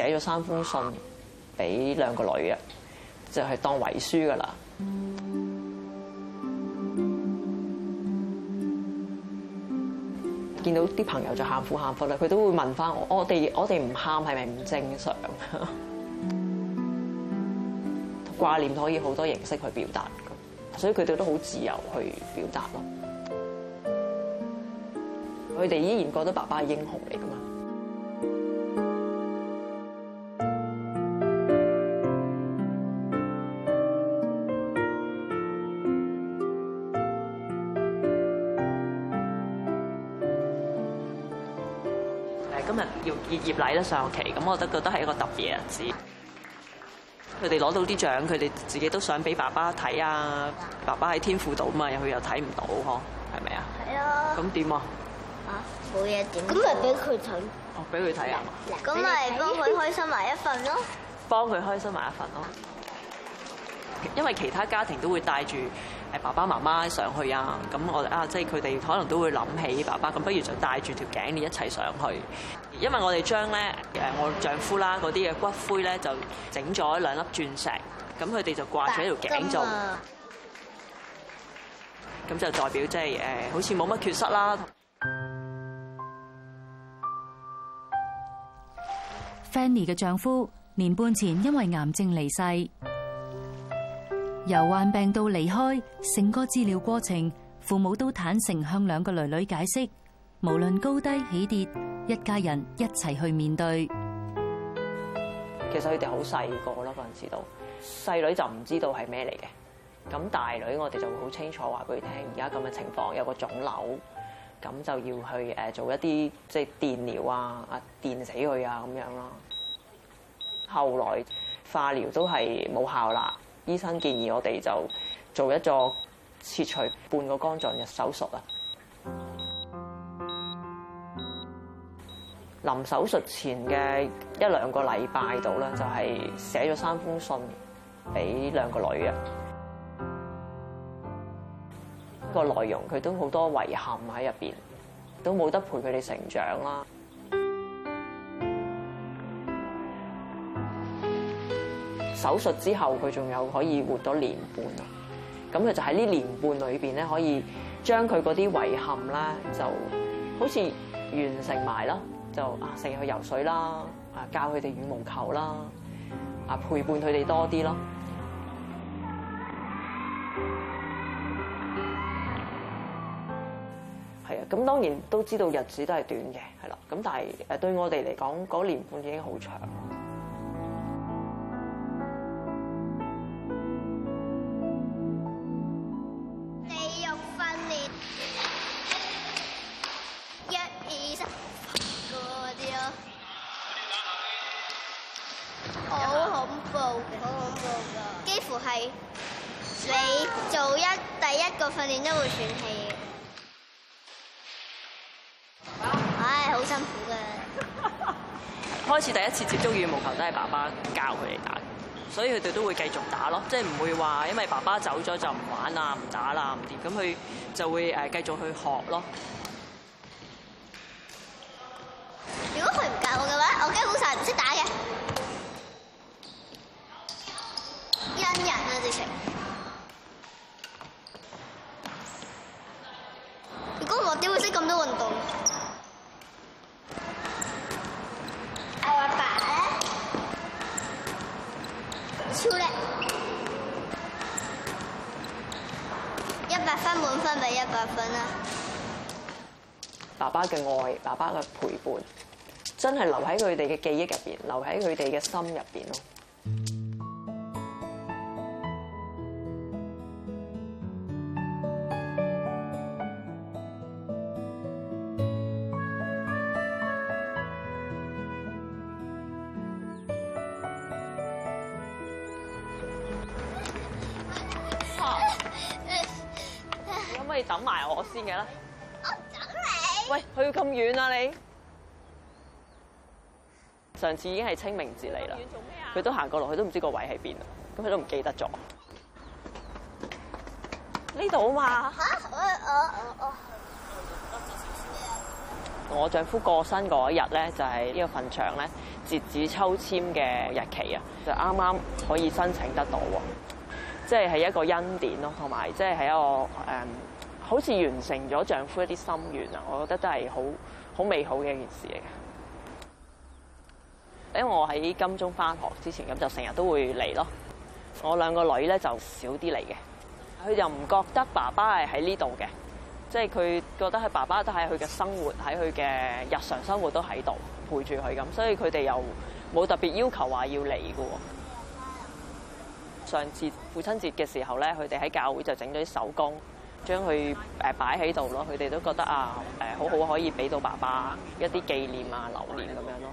寫咗三封信俾兩個女嘅，就係當遺書噶啦。見到啲朋友就喊苦喊忽啦，佢都會問翻我，我：我哋我哋唔喊係咪唔正常？掛念可以好多形式去表達，所以佢哋都好自由去表達咯。佢哋依然覺得爸爸係英雄嚟噶嘛。要結業禮啦，上學期，咁我都覺得係一個特別嘅日子。佢哋攞到啲獎，佢哋自己都想俾爸爸睇啊！爸爸喺天父度嘛，去又睇唔到呵，係咪啊？係啊。咁點啊？啊，冇嘢點？咁咪俾佢睇。哦，俾佢睇啊？咁咪幫佢開心埋一份咯。幫佢開心埋一份咯。因為其他家庭都會帶住爸爸媽媽上去啊，咁我哋啊即係佢哋可能都會諗起爸爸，咁不如就帶住條頸鏈一齊上去。因為我哋將咧我丈夫啦嗰啲嘅骨灰咧就整咗兩粒鑽石，咁佢哋就掛住一條頸做。咁就代表即係好似冇乜缺失啦。Fanny 嘅丈夫年半前因為癌症離世。由患病到離開，成個治療過程，父母都坦誠向兩個女女解釋，無論高低起跌，一家人一齊去面對。其實佢哋好細個咯，可能知道細女就唔知道係咩嚟嘅，咁大女我哋就會好清楚話俾佢聽，而家咁嘅情況有個腫瘤，咁就要去誒做一啲即係電療啊，啊電死佢啊咁樣咯。後來化療都係冇效啦。醫生建議我哋就做一做切除半個肝臟嘅手術啦。臨手術前嘅一兩個禮拜度咧，就係寫咗三封信俾兩個女嘅。個內容佢都好多遺憾喺入邊，都冇得陪佢哋成長啦。手術之後，佢仲有可以活到年半啊！咁佢就喺呢年半裏邊咧，可以將佢嗰啲遺憾啦，就好似完成埋咯，就啊成日去游水啦，啊教佢哋羽毛球啦，啊陪伴佢哋多啲咯。係啊，咁 當然都知道日子都係短嘅，係啦。咁但係誒對我哋嚟講，嗰、那個、年半已經好長。好辛苦嘅。開始第一次接觸羽毛球都係爸爸教佢哋打的，所以佢哋都會繼續打咯，即係唔會話因為爸爸走咗就唔玩啦、唔打啦、唔掂咁，佢就會誒繼續去學咯。滿分咪一百分啦，爸爸嘅愛，爸爸嘅陪伴，真係留喺佢哋嘅記憶入邊，留喺佢哋嘅心入邊咯。咁遠啊你！上次已經係清明節嚟啦，佢都行過落去都唔知個位喺邊，咁佢都唔記得咗。呢度啊嘛，我丈夫過身嗰日咧就係、是、呢個墳場咧截止抽籤嘅日期啊，就啱啱可以申請得到喎，即係係一個恩典咯，同埋即係係一個誒。嗯好似完成咗丈夫一啲心願啊！我覺得都係好好美好嘅一件事嚟嘅。因為我喺金鐘翻學之前，咁就成日都會嚟咯。我兩個女咧就少啲嚟嘅。佢又唔覺得爸爸係喺呢度嘅，即係佢覺得佢爸爸都喺佢嘅生活，喺佢嘅日常生活都喺度陪住佢咁，所以佢哋又冇特別要求話要嚟嘅。上次父親節嘅時候咧，佢哋喺教會就整咗啲手工。將佢誒擺喺度咯，佢哋都覺得啊，誒好好可以俾到爸爸一啲紀念啊，留念咁樣咯。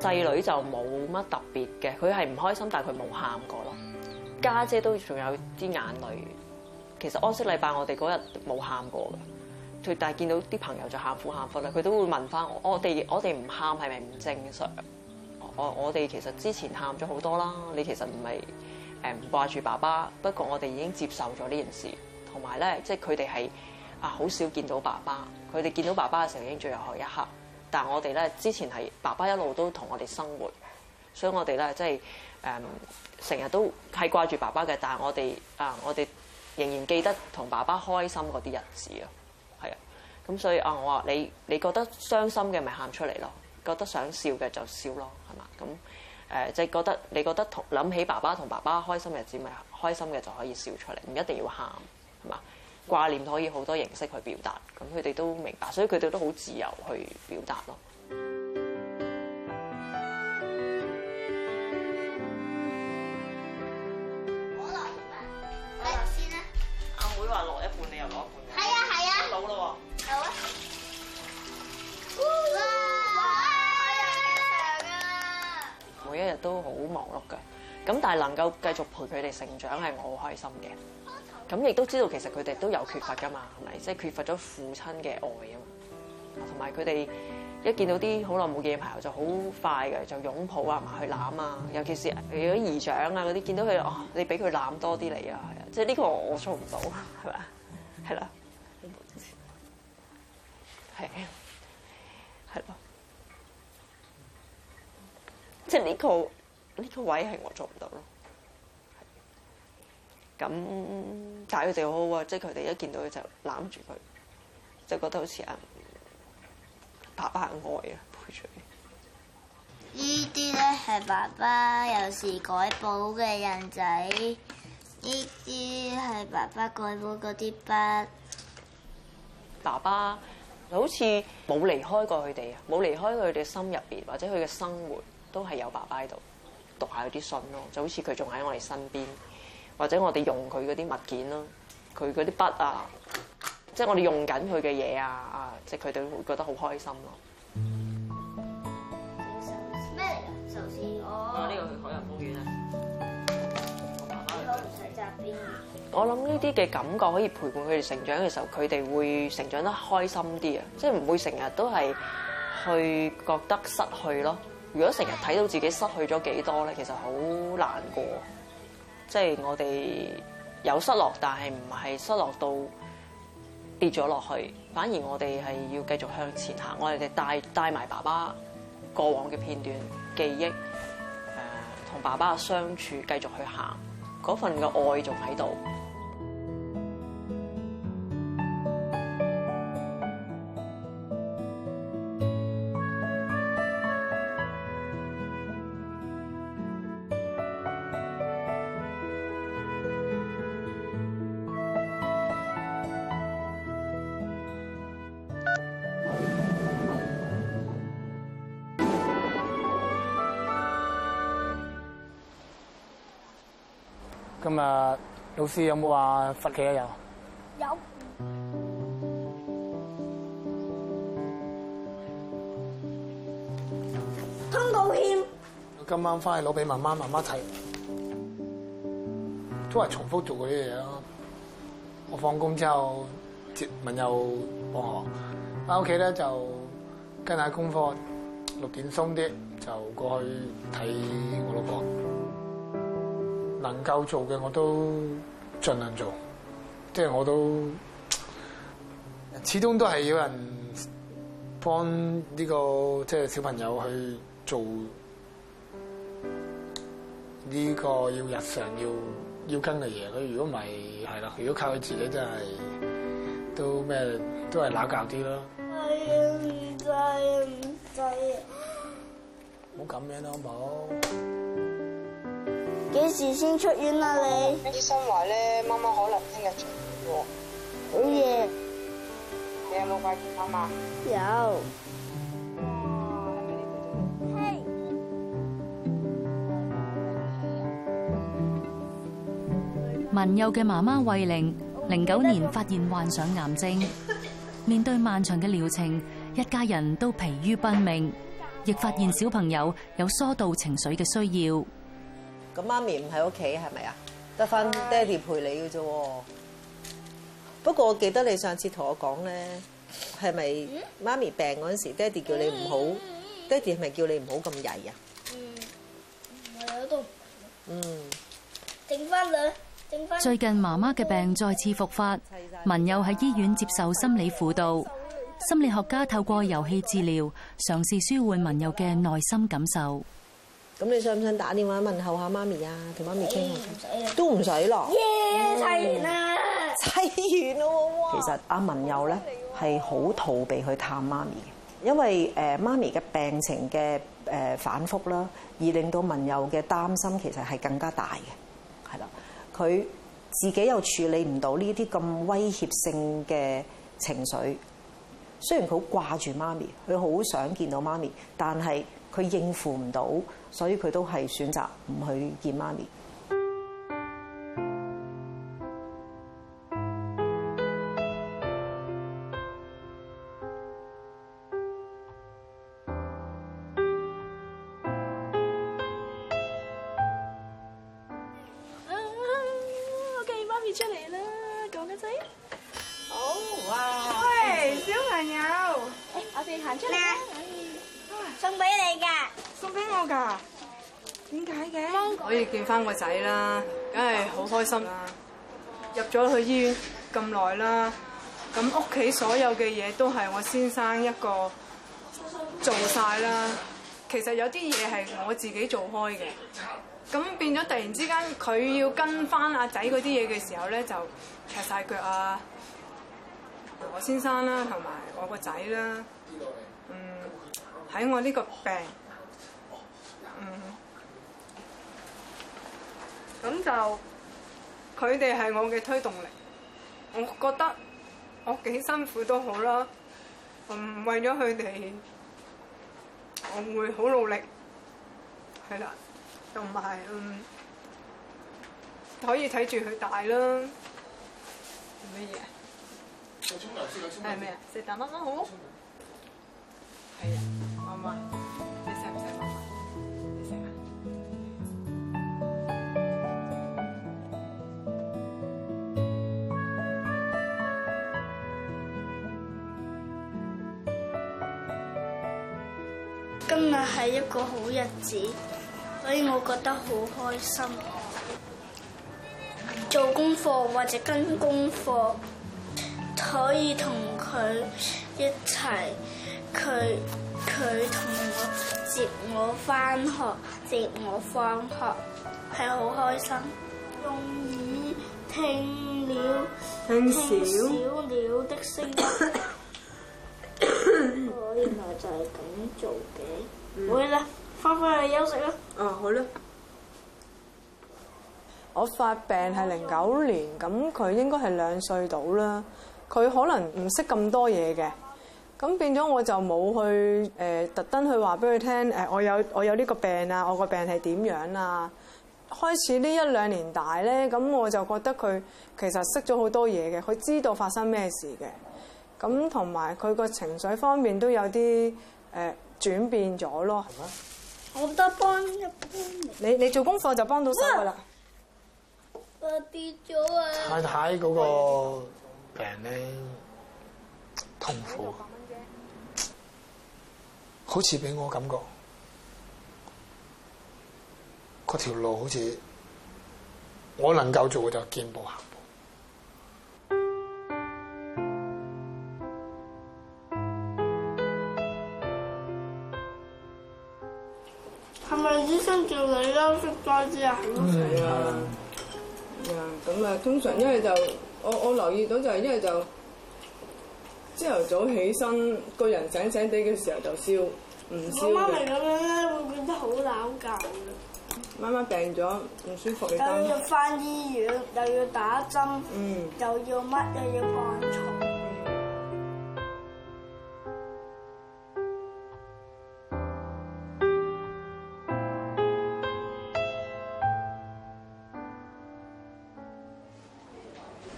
細女就冇乜特別嘅，佢係唔開心，但係佢冇喊過咯。家姐都仲有啲眼淚。其實安息禮拜我哋嗰日冇喊過嘅，佢但係見到啲朋友就喊苦喊忽啦。佢都會問翻我，我哋我哋唔喊係咪唔正常？我我哋其實之前喊咗好多啦，你其實唔係誒唔掛住爸爸，不過我哋已經接受咗呢件事，同埋咧即係佢哋係啊好少見到爸爸，佢哋見到爸爸嘅時候已經最後一刻，但係我哋咧之前係爸爸一路都同我哋生活，所以我哋咧即係誒成日都係掛住爸爸嘅，但係我哋啊我哋仍然記得同爸爸開心嗰啲日子啊，係啊，咁所以啊我話你你覺得傷心嘅咪喊出嚟咯，覺得想笑嘅就笑咯。咁誒，即係覺得你覺得同諗起爸爸同爸爸開心日子咪開心嘅就可以笑出嚟，唔一定要喊，係嘛？掛念可以好多形式去表達，咁佢哋都明白，所以佢哋都好自由去表達咯。忙碌噶，咁但係能夠繼續陪佢哋成長係我好開心嘅，咁亦都知道其實佢哋都有缺乏噶嘛，係咪？即係缺乏咗父親嘅愛啊，同埋佢哋一見到啲好耐冇見嘅朋友就好快嘅，就擁抱啊，埋去攬啊，尤其是有啲姨丈啊嗰啲，見到佢哦，你俾佢攬多啲嚟啊，即係呢個我做唔到，係咪啊？係啦，係，係咯，即係呢個。呢個位係我做唔到咯。咁，但係佢哋好啊，即係佢哋一見到佢就攬住佢，就覺得好似阿爸爸嘅愛啊，陪住呢啲咧，係爸爸有時改補嘅印仔，呢啲係爸爸改補嗰啲筆。爸爸好似冇離開過佢哋啊，冇離開佢哋心入邊，或者佢嘅生活都係有爸爸喺度。讀下啲信咯，就好似佢仲喺我哋身邊，或者我哋用佢嗰啲物件咯，佢嗰啲筆啊，即係我哋用緊佢嘅嘢啊，啊，即係佢哋會覺得好開心咯。咩嚟㗎？哦。呢個去海洋公園啊。我諗呢啲嘅感覺可以陪伴佢哋成長嘅時候，佢哋會成長得開心啲啊，即係唔會成日都係去覺得失去咯。如果成日睇到自己失去咗幾多咧，其實好難過，即係我哋有失落，但係唔係失落到跌咗落去，反而我哋係要繼續向前行。我哋哋帶帶埋爸爸過往嘅片段記憶，誒同爸爸嘅相處繼續去行，嗰份嘅愛仲喺度。老師有冇話罰企呀？有，有。通告欠。我今晚翻去攞俾媽媽媽媽睇。都係重複做過啲嘢咯。我放工之後接文又放學，翻屋企咧就跟下功課，六點鬆啲就過去睇我老公，能夠做嘅我都盡量做，即係我都始終都係有人幫呢、這個即係、就是、小朋友去做呢個要日常要要跟嘅嘢。佢如果唔係係啦，如果靠佢自己真係都咩都係鬧教啲咯。係、哎、啊！唔使唔使啊！唔好咁樣好唔好？幾時先出院啊你？你醫生話咧，媽媽可能聽日出院。好嘢！你有冇拜見媽媽？有。哇！阿媽你做咗咩？嘿！文幼嘅媽媽慧玲，零九年發現患上癌症， 面對漫長嘅療程，一家人都疲於奔命，亦發現小朋友有疏導情緒嘅需要。咁媽咪唔喺屋企，係咪啊？得翻爹哋陪你嘅啫。不過我記得你上次同我講咧，係咪媽咪病嗰陣時，爹哋叫你唔好，爹哋係咪叫你唔好咁曳啊？嗯，我有都唔曳。嗯。整翻兩，整翻兩。最近媽媽嘅病再次復發，文佑喺醫院接受心理輔導。心理學家透過遊戲治療，嘗試舒緩文佑嘅內心感受。咁你想唔想打電話問候下媽咪啊？同媽咪傾下都唔使咯。耶！砌完啦！砌完咯喎。其實阿文佑咧係好逃避去探媽咪嘅，因為誒媽咪嘅病情嘅誒反覆啦，而令到文佑嘅擔心其實係更加大嘅，係啦。佢自己又處理唔到呢啲咁威脅性嘅情緒。雖然佢好掛住媽咪，佢好想見到媽咪，但係。佢應付唔到，所以佢都係選擇唔去見媽咪。送俾你噶，送俾我噶？點解嘅？可以見翻個仔啦，梗係好開心啊。入咗去醫院咁耐啦，咁屋企所有嘅嘢都係我先生一個做晒啦。其實有啲嘢係我自己做開嘅，咁變咗突然之間佢要跟翻阿仔嗰啲嘢嘅時候咧，就踢晒腳啊！我先生啦，同埋我個仔啦。喺我呢個病，嗯，咁就佢哋係我嘅推動力，我覺得我幾辛苦都好啦，嗯，為咗佢哋，我會好努力，係啦，唔係嗯可以睇住佢大啦，咩嘢？係咩啊？識打媽媽好？係啊。今日係一個好日子，所以我覺得好開心。做功課或者跟功課，可以同佢一齊。佢。佢同我接我翻學，接我放學，係好開心。用耳聽了聽小鳥的聲音，我原來就係咁做嘅。會啦，翻返去休息啦。啊，好啦。我發病係零九年，咁佢應該係兩歲到啦。佢可能唔識咁多嘢嘅。咁變咗我就冇去誒、呃、特登去話俾佢聽我有我有呢個病啊，我個病係點樣啊。開始呢一兩年大咧，咁我就覺得佢其實識咗好多嘢嘅，佢知道發生咩事嘅。咁同埋佢個情緒方面都有啲誒、呃、轉變咗咯。我覺得幫一般。你你做功課就幫到手㗎啦，啊。我跌咗啊！太太嗰個病咧痛苦。好似俾我感覺，嗰條路好似我能夠做嘅就見步行步。係咪醫生叫你休息多啲啊？係啊，咁啊，通常一係就我我留意到就係一係就。朝頭早起身，個人醒醒地嘅時候就笑。唔笑嘅。我媽媽咪咁樣咧，會變得好攪架。媽媽病咗，唔舒服。又要返醫院，又要打針，嗯，又要乜，又要灌蟲。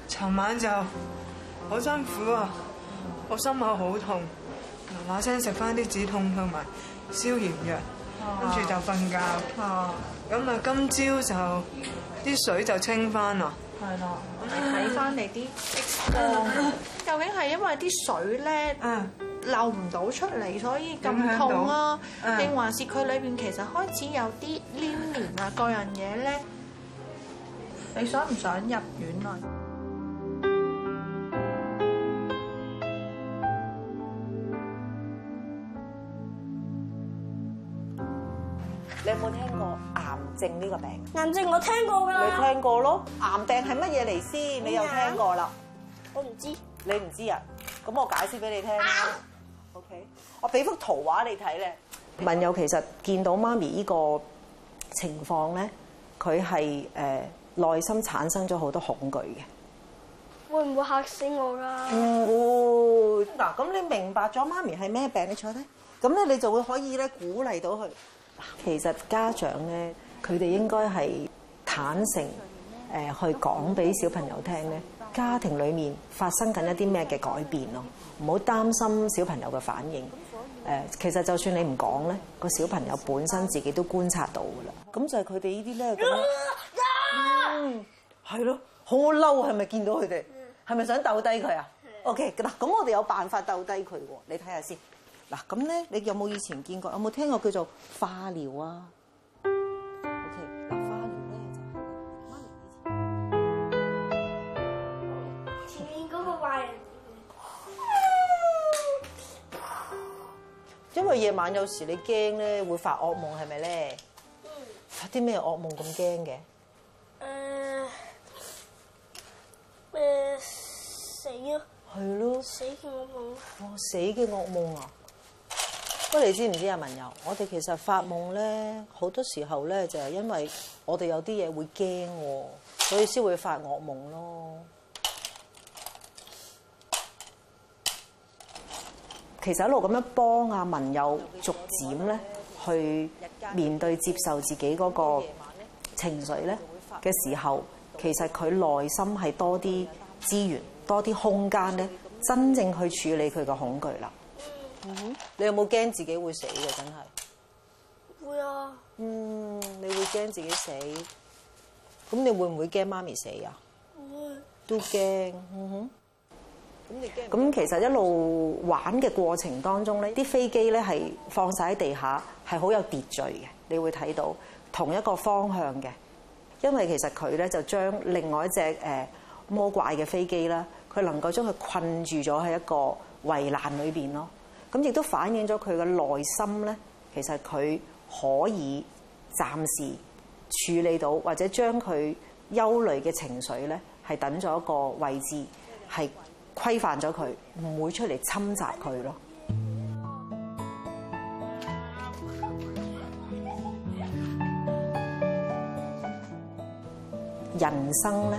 尋、嗯、晚就好辛苦啊！我心口好痛，嗱嗱聲食翻啲止痛同埋消炎藥，跟住就瞓覺。咁啊，今朝就啲水就清翻啦。係啦，我哋睇翻你啲 X 光，究竟係因為啲水咧漏唔到出嚟，所以咁痛啊？定還是佢裏邊其實開始有啲黏連啊各樣嘢咧？你想唔想入院啊？癌症呢個病，癌症我聽過噶。你聽過咯？癌病係乜嘢嚟先？你又聽過啦？我唔知。你唔知啊？咁我解釋俾你聽啦。OK，我俾幅圖畫你睇咧。文友其實見到媽咪呢個情況咧，佢係誒內心產生咗好多恐懼嘅。會唔會嚇死我噶？唔會。嗱，咁你明白咗媽咪係咩病？你坐低。咁咧，你就會可以咧鼓勵到佢。其實家長咧。佢哋應該係坦誠誒去講俾小朋友聽咧，家庭裡面發生緊一啲咩嘅改變咯，唔好擔心小朋友嘅反應。誒，其實就算你唔講咧，個小朋友本身自己都觀察到噶啦。咁就係佢哋呢啲咧，係咯，好嬲係咪？見到佢哋係咪想鬥低佢啊？OK，嗱，咁我哋有辦法鬥低佢喎。你睇下先，嗱，咁咧，你有冇以前見過？有冇聽過叫做化療啊？因為夜晚有時你驚咧會發噩夢，係咪咧？發啲咩噩夢咁驚嘅？誒，咩死啊？係咯，死嘅噩夢啊！我，死嘅噩夢啊！不過你知唔知啊，文友，我哋其實發夢咧好多時候咧就係因為我哋有啲嘢會驚，所以先會發噩夢咯。其實一路咁樣幫阿文友逐漸咧去面對接受自己嗰個情緒咧嘅時候，其實佢內心係多啲資源、多啲空間咧，真正去處理佢嘅恐懼啦、嗯。你有冇驚自己會死嘅？真係會啊。嗯，你會驚自己死？咁你會唔會驚媽咪死啊？會都驚。嗯哼。咁其實一路玩嘅過程當中咧，啲飛機咧係放曬喺地下，係好有秩序嘅。你會睇到同一個方向嘅，因為其實佢咧就將另外一隻誒魔怪嘅飛機咧，佢能夠將佢困住咗喺一個圍欄裏邊咯。咁亦都反映咗佢嘅內心咧，其實佢可以暫時處理到，或者將佢憂慮嘅情緒咧，係等咗一個位置係。規範咗佢，唔會出嚟侵襲佢咯。人生咧，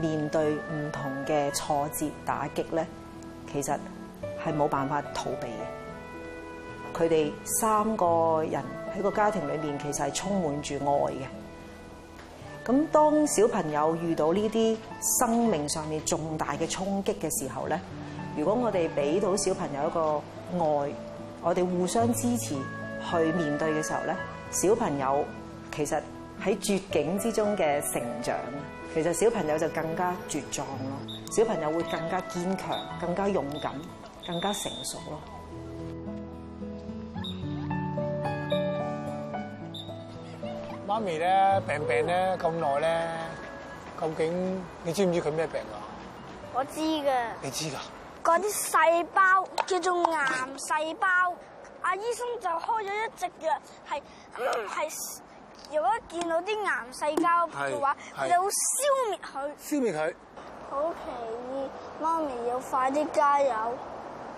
面對唔同嘅挫折打擊咧，其實係冇辦法逃避嘅。佢哋三個人喺個家庭裏面，其實係充滿住愛嘅。咁當小朋友遇到呢啲生命上面重大嘅衝擊嘅時候呢，如果我哋俾到小朋友一個愛，我哋互相支持去面對嘅時候呢，小朋友其實喺絕境之中嘅成長，其實小朋友就更加茁壯咯，小朋友會更加堅強、更加勇敢、更加成熟咯。媽咪咧病病咧咁耐咧，究竟你知唔知佢咩病啊？我知噶。你知噶？嗰啲細胞叫做癌細胞，阿醫生就開咗一隻藥，係係如果見到啲癌細胞嘅話，就會消滅佢。消滅佢。好奇妙，媽咪要快啲加油。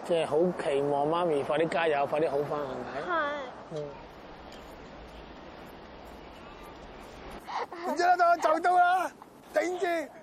即係好期望媽咪快啲加油，快啲好返，係咪？係。嗯。唔知啦，就到啦，頂住。